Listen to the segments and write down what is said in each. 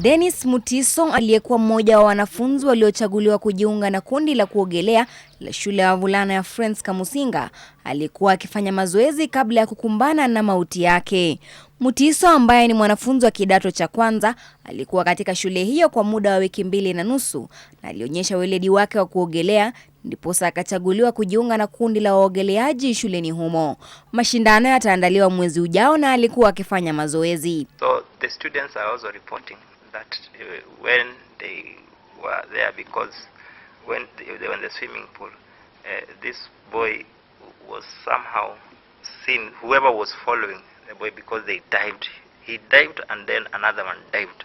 Dennis Mutiso aliyekuwa mmoja wa wanafunzi waliochaguliwa kujiunga na kundi la kuogelea la shule ya wavulana ya Friends Kamusinga alikuwa akifanya mazoezi kabla ya kukumbana na mauti yake. Mutiso ambaye ni mwanafunzi wa kidato cha kwanza alikuwa katika shule hiyo kwa muda wa wiki mbili na nusu na alionyesha weledi wake wa kuogelea ndiposa akachaguliwa kujiunga na kundi la waogeleaji shuleni humo. Mashindano yataandaliwa mwezi ujao na alikuwa akifanya mazoezi. So the students are also reporting that uh, when they were there because when they were in the swimming pool, uh, this boy was somehow seen, whoever was following the boy because they dived. He dived and then another one dived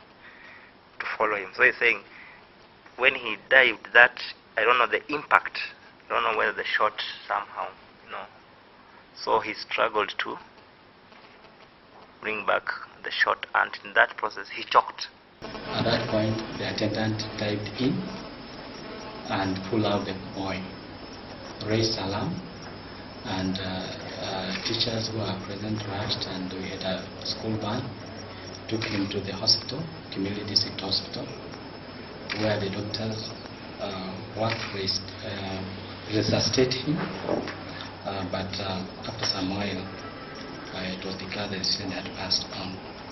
to follow him. So he's saying when he dived that, I don't know the impact, I don't know whether the shot somehow, you know. So he struggled to bring back the shot and in that process he choked attendant dived in and pulled out the boy, raised alarm, and uh, uh, teachers who were present rushed and we had a school van, took him to the hospital, community district hospital, where the doctors uh, worked, rest, uh, resuscitate him, uh, but uh, after some while uh, it was declared that the student had passed on.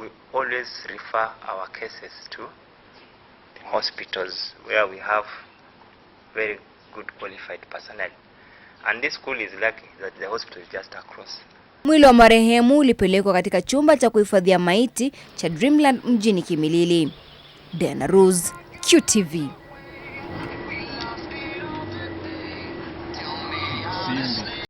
we always refer our cases to the hospitals where we have very good qualified personnel. And this school is lucky that the hospital is just across. Mwili wa marehemu ulipelekwa katika chumba cha kuhifadhia maiti cha Dreamland mjini Kimilili. Dana Rose, QTV.